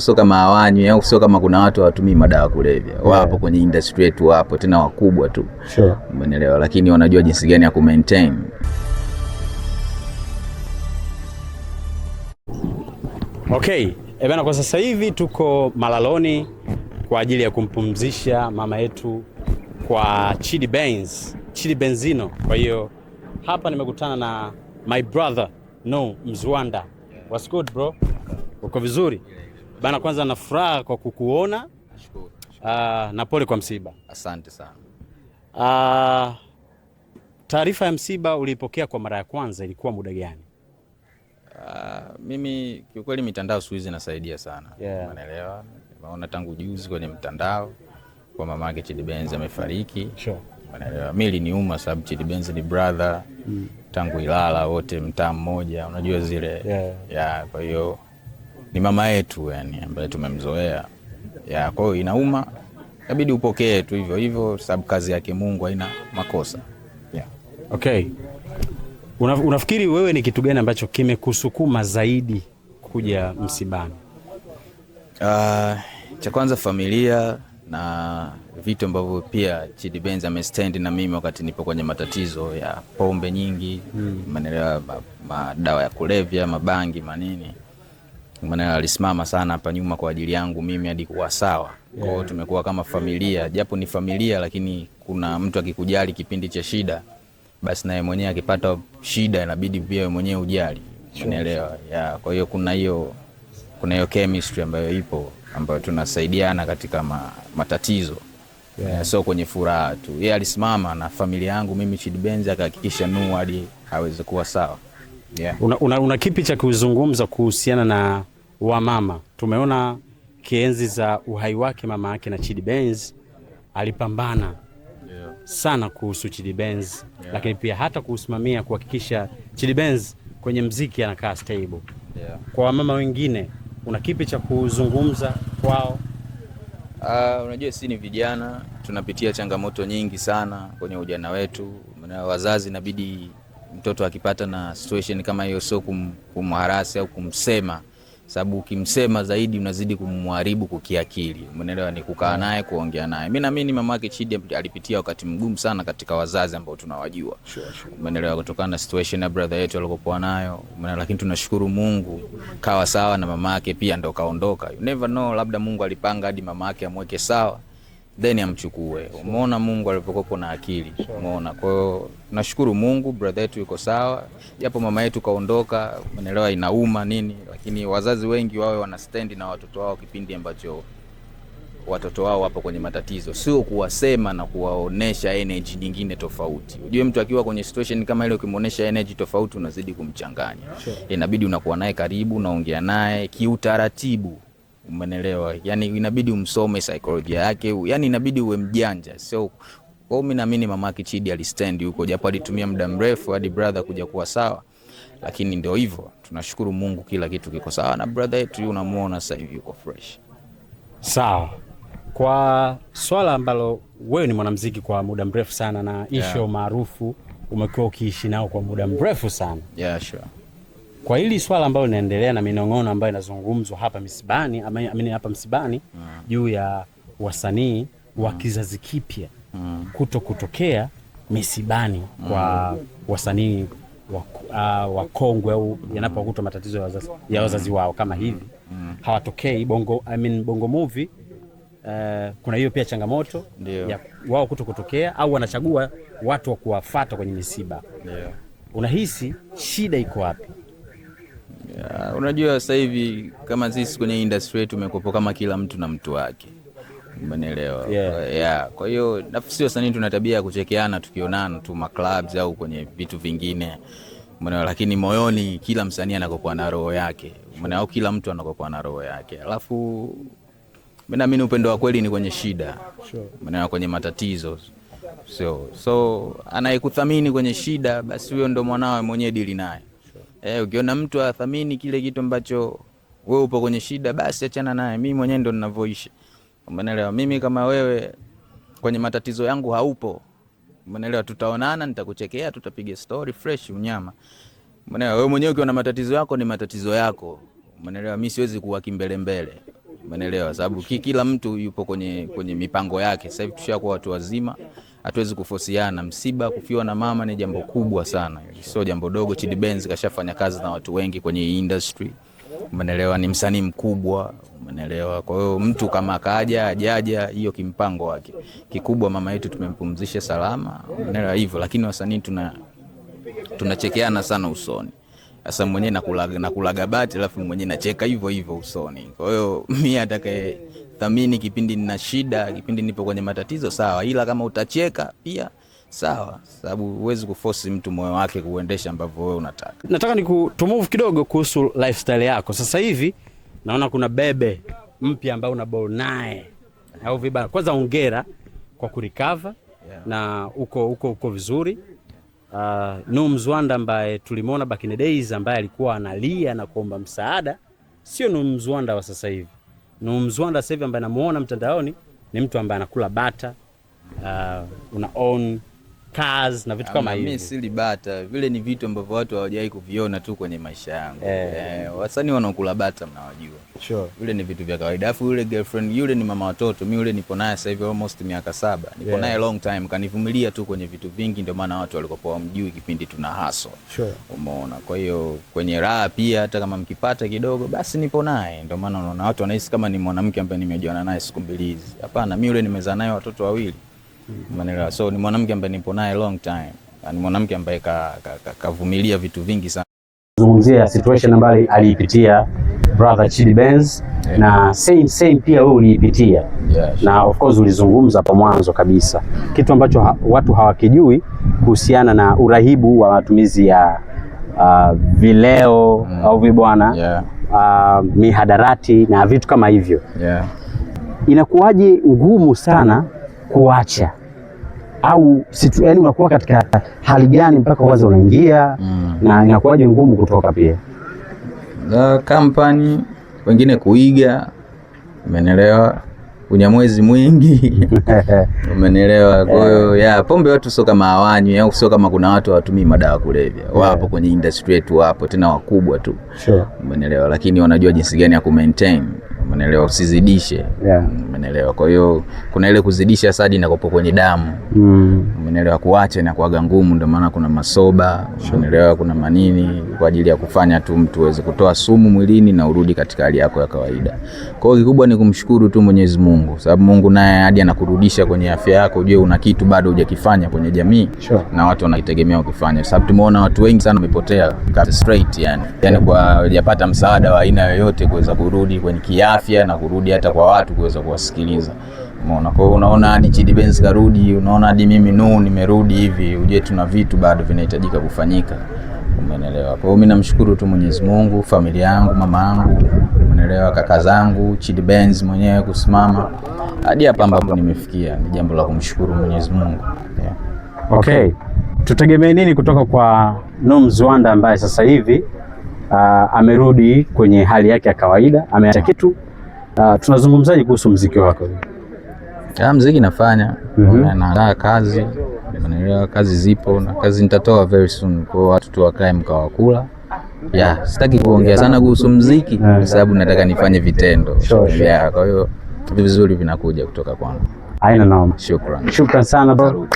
sio kama hawanywi au sio kama kuna watu hawatumii madawa kulevya, yeah. Wapo kwenye industry yetu, wapo tena wakubwa tu, sure. Umeelewa, lakini wanajua jinsi gani ya kumaintain. Okay, e kwa sasa hivi tuko Malaloni kwa ajili ya kumpumzisha mama yetu kwa Chidi Benz, Chidi Benzino. Kwa hiyo hapa nimekutana na my brother no Mzwanda. What's good bro? Uko vizuri? Bana, kwanza na furaha kwa kukuona. Nashukuru. Uh, na pole kwa msiba. Asante sana. Ah, taarifa ya msiba uliipokea kwa mara ya kwanza ilikuwa muda gani? Uh, mimi kiukweli mitandao siku hizi inasaidia sana yeah. Unaelewa, naona tangu juzi kwenye mtandao kwa mama yake Chidi Benz amefariki sure. Unaelewa, mimi iliniuma sababu Chidi Benz ni brother mm. Tangu Ilala wote mtaa mmoja, unajua zile yeah. Yeah, kwa hiyo ni mama yetu yani, ambaye tumemzoea ya. Kwa hiyo inauma, inabidi upokee tu hivyo hivyo, sababu kazi yake Mungu haina makosa yeah. Okay, una, unafikiri wewe ni kitu gani ambacho kimekusukuma zaidi kuja msibani? Uh, cha kwanza familia na vitu ambavyo pia Chidi Benz amestand na mimi wakati nipo kwenye matatizo ya pombe nyingi, maneno hmm. Manelewa madawa madawa ya kulevya, mabangi, manini maana alisimama sana hapa nyuma kwa ajili yangu mimi hadi kuwa sawa. Kwa hiyo tumekuwa kama familia, japo ni familia, lakini kuna mtu akikujali kipindi cha shida, basi naye mwenyewe akipata shida inabidi pia wewe mwenyewe ujali, unaelewa? Yeah, kwa hiyo kuna hiyo kuna hiyo chemistry ambayo ipo ambayo tunasaidiana katika ma, matatizo yeah. Eh, so kwenye furaha tu yeye alisimama na familia yangu mimi Chidi Benz akahakikisha Nuu hadi aweze kuwa sawa yeah. Una, una, una kipi cha kuzungumza kuhusiana na wamama? Tumeona kienzi za uhai wake mama yake na Chidi Benz alipambana sana kuhusu Chidi Benz yeah. lakini pia hata kuusimamia kuhakikisha Chidi Benz kwenye mziki anakaa stable yeah. Kwa wamama wengine una kipi cha kuzungumza kwao? Uh, unajua sisi ni vijana tunapitia changamoto nyingi sana kwenye ujana wetu, wazazi inabidi mtoto akipata na situation kama hiyo, sio kum, kumharasi au kumsema, sababu ukimsema zaidi unazidi kumharibu kukiakili, umeelewa? Ni kukaa mm. naye kuongea naye. Mimi naamini mama yake Chidi alipitia wakati mgumu sana katika wazazi ambao tunawajua, umeelewa, kutokana na situation ya brother yetu alikokuwa nayo, umeelewa. Lakini tunashukuru Mungu kawa sawa na mama yake pia ndo kaondoka. You never know, labda Mungu alipanga hadi mama yake amweke sawa then amchukue. Umeona Mungu alivyokuwa na akili, umeona. Kwa hiyo nashukuru Mungu, brother yetu yuko sawa, japo mama yetu kaondoka, umeelewa, inauma nini, lakini wazazi wengi wawe stand na watoto wao kipindi ambacho watoto wao wapo kwenye matatizo, sio kuwasema na kuwaonesha energy nyingine tofauti. Ujue mtu akiwa kwenye situation kama ile, ukimuonesha energy tofauti unazidi kumchanganya, inabidi unakuwa naye karibu, unaongea naye kiutaratibu Umenelewa? Yani inabidi umsome saikolojia yake, yani inabidi uwe mjanja. So kwa mimi naamini mama Chidi alistand huko, japo alitumia muda mrefu hadi brother kuja kuwa sawa, lakini ndio hivyo, tunashukuru Mungu kila kitu kiko sawa na brother yetu, unamuona sasa hivi yuko fresh. Sawa. Kwa swala ambalo wewe ni mwanamuziki kwa muda mrefu sana na isho yeah, maarufu umekuwa ukiishi nao kwa muda mrefu sana yeah, sure. Kwa hili swala ambayo linaendelea na minong'ono ambayo inazungumzwa hapa misibani amini hapa msibani mm. juu mm. ya wasanii mm. wa kizazi kipya mm. kuto kutokea misibani mm. kwa wasanii wakongwe uh, au mm. yanapokutwa matatizo ya wazazi, ya wazazi wao kama mm. hivi mm. hawatokei bongo, I mean, bongo movie Uh, kuna hiyo pia changamoto Ndiyo. ya wao kuto kutokea au wanachagua watu wa kuwafata kwenye misiba. Ndiyo. Unahisi shida iko wapi? Unajua, sasa hivi kama sisi kwenye industry yetu umekopo kama kila mtu na mtu wake, umenielewa? yeah. yeah. kwa hiyo nafsi wasanii tuna tabia ya kuchekeana tukionana tu maclubs au kwenye vitu vingine Mwana, lakini moyoni kila msanii anakokuwa na roho yake mwana, au kila mtu anakokuwa na roho yake. Alafu mimi naamini upendo wa kweli ni kwenye shida sure. Mwana, kwenye matatizo so, so anayekuthamini kwenye shida, basi huyo ndo mwanawe mwenyewe, dili naye Eh, ukiona mtu athamini kile kitu ambacho wewe upo kwenye shida, basi achana naye. Mimi mwenyewe ndo ninavyoishi, umeelewa? Mimi kama wewe kwenye matatizo yangu haupo, umeelewa? Tutaonana, nitakuchekea, tutapiga story fresh, unyama, umeelewa? Wewe mwenyewe ukiona matatizo yako ni matatizo yako, umeelewa? Mimi siwezi kuwa kimbele mbele, umeelewa? Sababu kila mtu yupo kwenye kwenye mipango yake. Sasa hivi tushakuwa watu wazima hatuwezi kufosiana. Msiba kufiwa na mama ni jambo kubwa sana, sio jambo dogo. Chidi Benz kashafanya kazi na watu wengi kwenye industry, umenelewa, Ni msanii mkubwa, umenelewa. Kwa hiyo mtu kama kaja ajaja, hiyo kimpango wake kikubwa. Mama yetu tumempumzisha salama, umenelewa hivyo. Lakini wasanii tuna tunachekeana sana usoni sasa mwenyewe nakulaga, nakulaga bati alafu mwenyewe nacheka hivyo hivyo usoni. Kwa hiyo mimi atakaye thamini kipindi nina shida, kipindi nipo kwenye matatizo sawa, ila kama utacheka pia sawa, sababu huwezi kuforce mtu moyo wake kuendesha ambavyo wewe unataka. Nataka kutumove kidogo kuhusu lifestyle yako sasa hivi. Naona kuna bebe mpya ambaye una ball naye au vibaya. Kwanza ongera kwa kurecover na uko uko uko vizuri uh, ah, Nuh Mzwanda ambaye tulimwona back in the days ambaye alikuwa analia na kuomba msaada sio Nuh Mzwanda wa sasa hivi na Mzwanda sasa hivi ambaye namuona mtandaoni ni mtu ambaye anakula bata, uh, una own cars na vitu kama hivyo. Mimi si libata vile ni vitu ambavyo watu hawajawahi kuviona tu kwenye maisha yangu. Eh, eh, wasanii wanaokula bata mnawajua. Sure. Vile ni vitu vya kawaida. Afu yule girlfriend yule ni mama watoto. Mimi yule nipo naye sasa hivi almost miaka saba. Nipo yeah, naye long time. Kanivumilia tu kwenye vitu vingi ndio maana watu walikopoa wamjui kipindi tuna haso. Sure. Umeona. Kwa hiyo kwenye raha pia hata kama mkipata kidogo basi nipo naye. Ndio maana unaona watu wanahisi kama ni mwanamke ambaye nimejiona naye siku mbili hizi. Hapana, mimi yule nimezaa naye watoto wawili. Manelewa. So ni mwanamke ambaye nipo naye long time, ni mwanamke ambaye kavumilia ka, ka, ka vitu vingi sana. Zungumzia situation ambayo aliipitia brother Chidi Benz yeah. Na same same pia wewe uliipitia yeah, sure. Na of course ulizungumza kwa mwanzo kabisa kitu ambacho ha, watu hawakijui kuhusiana na urahibu wa matumizi ya uh, vileo mm. au vibwana yeah. uh, mihadarati na vitu kama hivyo yeah. Inakuwaje ngumu sana kuacha au situ, yani unakuwa katika hali gani mpaka kwanza unaingia mm. na inakuwaje ngumu kutoka pia the company wengine kuiga, umenelewa, unyamwezi mwingi umenelewa. Kwa hiyo eh. ya pombe watu sio kama hawanywi au sio kama kuna watu hawatumii madawa kulevya, eh. wapo kwenye industry yetu, wapo tena wakubwa tu sure. Umenelewa, lakini wanajua jinsi gani ya maintain umeelewa, usizidishe yeah. Umeelewa. Kwa hiyo kuna ile kuzidisha sadi inakopo kwenye damu mm. Umeelewa, kuacha na kuaga ngumu, ndio maana kuna masoba sure. Umeelewa, kuna manini kwa ajili ya kufanya tu mtu aweze kutoa sumu mwilini na urudi katika hali yako ya kawaida. Kwa hiyo kikubwa ni kumshukuru tu Mwenyezi Mungu, sababu Mungu naye hadi anakurudisha kwenye afya yako, ujue una kitu bado hujakifanya kwenye jamii sure. Na watu wanakitegemea ukifanya, sababu tumeona watu wengi sana wamepotea straight, yani yani kwa hujapata msaada wa aina yoyote kuweza kurudi kwenye kiafya afya na kurudi hata kwa watu kuweza kuwasikiliza. Umeona, kwa hiyo unaona hadi Chidi Benz karudi, unaona hadi mimi nu nimerudi hivi, uje tuna vitu bado vinahitajika kufanyika. Umeelewa? Kwa hiyo mimi namshukuru tu Mwenyezi Mungu, familia yangu, mama yangu, umeelewa, kaka zangu, Chidi Benz mwenyewe kusimama hadi hapa ambapo nimefikia, ni jambo la kumshukuru Mwenyezi Mungu. Yeah. Okay. Tutegemee nini kutoka kwa Nuh Mziwanda ambaye sasa hivi uh, amerudi kwenye hali yake ya kawaida, ameacha kitu Ah, tunazungumzaje kuhusu mziki wako? Ya, mziki nafanya mm -hmm. Naandaa kazi naelewa, kazi zipo na kazi nitatoa very soon, kwa watu tu wakae kula. ya sitaki kuongea sana kuhusu mziki eh. kwa sababu nataka nifanye vitendo sure, sure. Ya, kwa hiyo vitu vizuri vinakuja kutoka kwangu. Aina naomba. Shukrani. Shukrani sana bro.